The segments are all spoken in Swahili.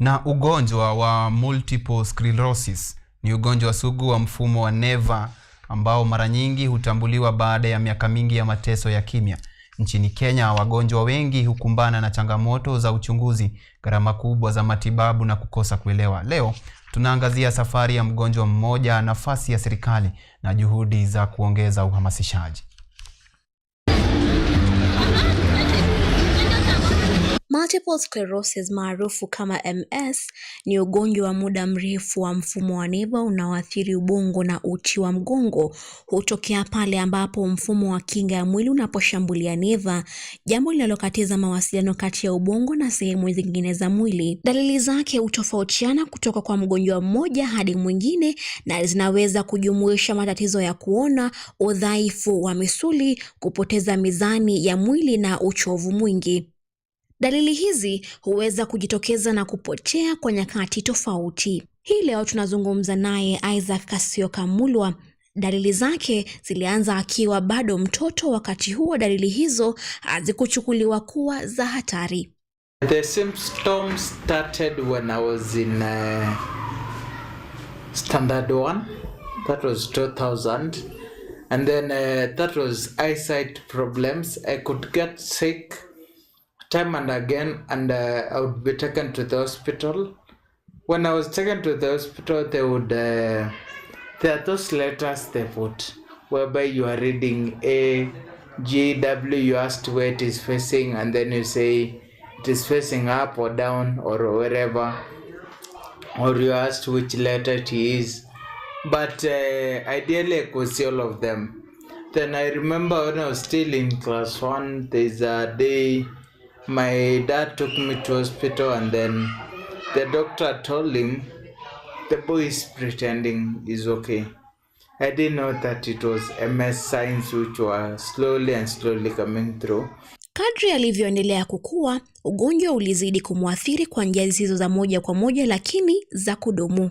Na ugonjwa wa multiple sclerosis ni ugonjwa sugu wa mfumo wa neva ambao mara nyingi hutambuliwa baada ya miaka mingi ya mateso ya kimya. Nchini Kenya, wagonjwa wengi hukumbana na changamoto za uchunguzi, gharama kubwa za matibabu na kukosa kuelewa. Leo tunaangazia safari ya mgonjwa mmoja, nafasi ya serikali na juhudi za kuongeza uhamasishaji. Multiple sclerosis maarufu kama MS ni ugonjwa wa muda mrefu wa mfumo wa neva unaoathiri ubongo na uti wa mgongo. Hutokea pale ambapo mfumo wa kinga ya mwili unaposhambulia neva, jambo linalokatiza mawasiliano kati ya ubongo na sehemu zingine za mwili. Dalili zake hutofautiana kutoka kwa mgonjwa mmoja hadi mwingine na zinaweza kujumuisha matatizo ya kuona, udhaifu wa misuli, kupoteza mizani ya mwili na uchovu mwingi. Dalili hizi huweza kujitokeza na kupotea kwa nyakati tofauti. Hii leo tunazungumza naye Isaac Kasio Kamulwa. Dalili zake zilianza akiwa bado mtoto. Wakati huo dalili hizo hazikuchukuliwa kuwa za hatari. The symptoms started when I was in uh, standard That was 2000. And then uh, that was eyesight problems. I could get sick time and again, and uh, I would be taken to the hospital. When I was taken to the hospital, they would uh, there are those letters they put, whereby you are reading A, G, W. You asked where it is facing, and then you say it is facing up or down or wherever, or you asked which letter it is. But uh, ideally, I could see all of them. Then I remember when I was still in class one, there's a day my dad took me to hospital and then the doctor told him the boy is pretending is okay i didn't know that it was ms signs which were slowly and slowly coming through Kadri alivyoendelea kukua, ugonjwa ulizidi kumwathiri kwa njia zisizo za moja kwa moja lakini za kudumu.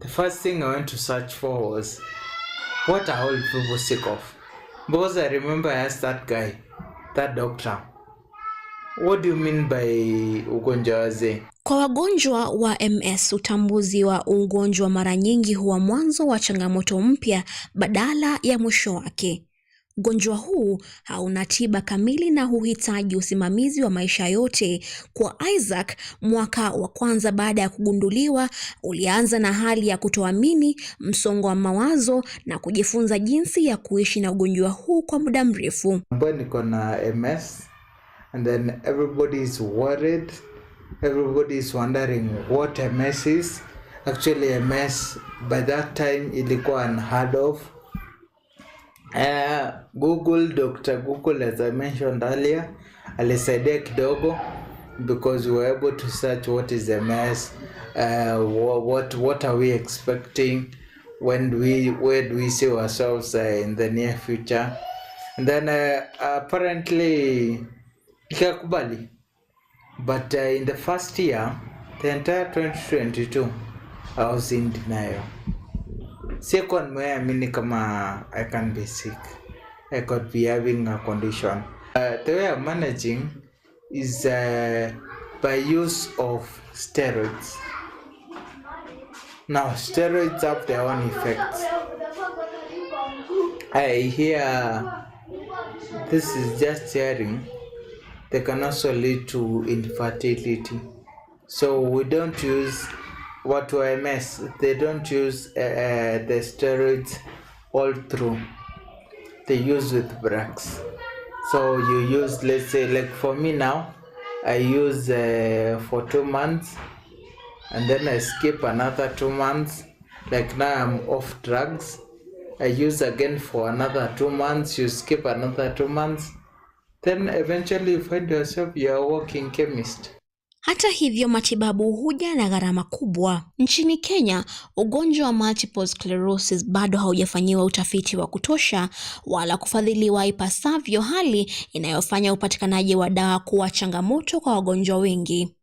the first thing I went to search for was what are old people sick of? Because I remember I asked that guy, that doctor, what do you mean by ugonjwa wazee? Kwa wagonjwa wa MS utambuzi wa ugonjwa mara nyingi huwa mwanzo wa changamoto mpya badala ya mwisho wake. Ugonjwa huu hauna tiba kamili na huhitaji usimamizi wa maisha yote. Kwa Isaac, mwaka wa kwanza baada ya kugunduliwa ulianza na hali ya kutoamini, msongo wa mawazo na kujifunza jinsi ya kuishi na ugonjwa huu kwa muda mrefu. Niko na MS and then everybody is worried everybody is wondering what MS is actually MS by that time ilikuwa unheard of Uh, Google, Dr. Google as I mentioned earlier, alisaidia kidogo because we were able to search what is MS, mess, uh, what, what are we expecting, when do we, where do we see ourselves uh, in the near future. And then uh, apparently ikakubali. But uh, in the first year, the entire 2022, I was in denial sikuwa nimeamini kama I can be sick I could be having a condition uh, the way I'm managing is uh, by use of steroids now steroids have their own effects I hear this is just hearing they can also lead to infertility so we don't use what I MS. They don't use uh, uh, the steroids all through. They use with drugs, So you use, let's say, like for me now, I use uh, for two months, and then I skip another two months. Like now I'm off drugs. I use again for another two months. You skip another two months. Then eventually you find yourself you are a working chemist. Hata hivyo, matibabu huja na gharama kubwa. Nchini Kenya, ugonjwa wa multiple sclerosis bado haujafanyiwa utafiti wa kutosha wala kufadhiliwa ipasavyo, hali inayofanya upatikanaji wa dawa kuwa changamoto kwa wagonjwa wengi.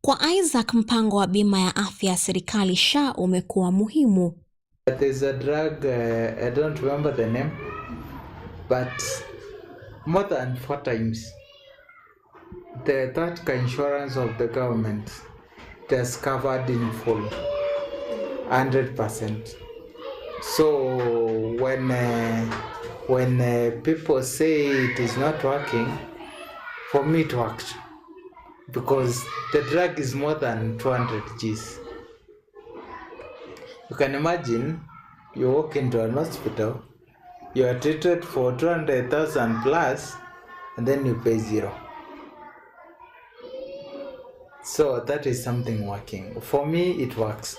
Kwa Isaac, mpango wa bima ya afya ya serikali SHA umekuwa muhimu. the drug insurance of the government that's covered in full 100%. So when uh, when uh, people say it is not working, for me it worked because the drug is more than 200 Gs. You can imagine you walk into an hospital, you are treated for 200,000 plus, and then you pay zero. So that is something working. For me it works.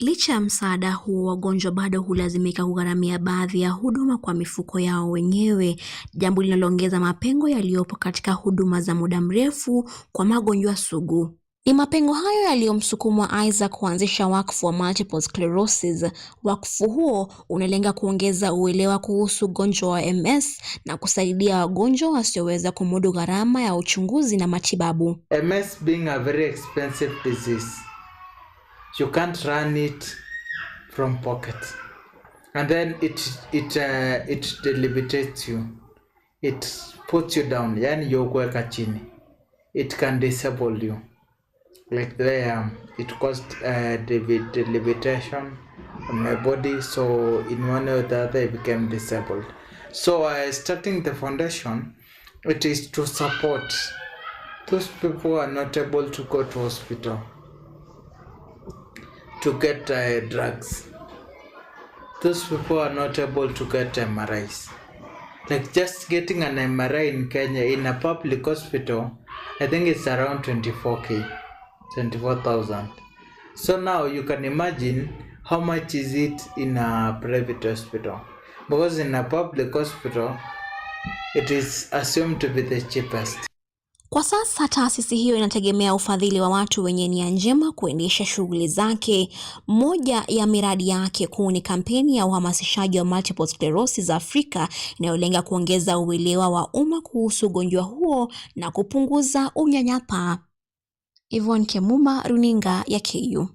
Licha ya msaada huo, wagonjwa bado hulazimika kugharamia baadhi ya huduma kwa mifuko yao wenyewe, jambo linaloongeza mapengo yaliyopo katika huduma za muda mrefu kwa magonjwa sugu. Ni mapengo hayo yaliyomsukumwa Isaac kuanzisha wakfu wa Multiple Sclerosis. Wakfu huo unalenga kuongeza uelewa kuhusu ugonjwa wa MS na kusaidia wagonjwa wasioweza kumudu gharama ya uchunguzi na matibabu. MS being a very expensive disease. You can't run it from pocket. And then it, it, uh, it you. It puts you down, yani yokuweka chini. It can disable you. like there um, it caused uh, levitation on my body so in one way or the other i became disabled so uh, starting the foundation it is to support those people who are not able to go to hospital to get uh, drugs those people are not able to get mris like just getting an mri in kenya in a public hospital i think it's around 24k 24,000. So now you can imagine how much is it in a private hospital because in a public hospital it is assumed to be the cheapest. Kwa sasa taasisi hiyo inategemea ufadhili wa watu wenye nia njema kuendesha shughuli zake. Moja ya miradi yake kuu ni kampeni ya uhamasishaji wa Multiple Sclerosis Afrika inayolenga kuongeza uelewa wa umma kuhusu ugonjwa huo na kupunguza unyanyapaa. Yvonne Kemuma, runinga ya KU.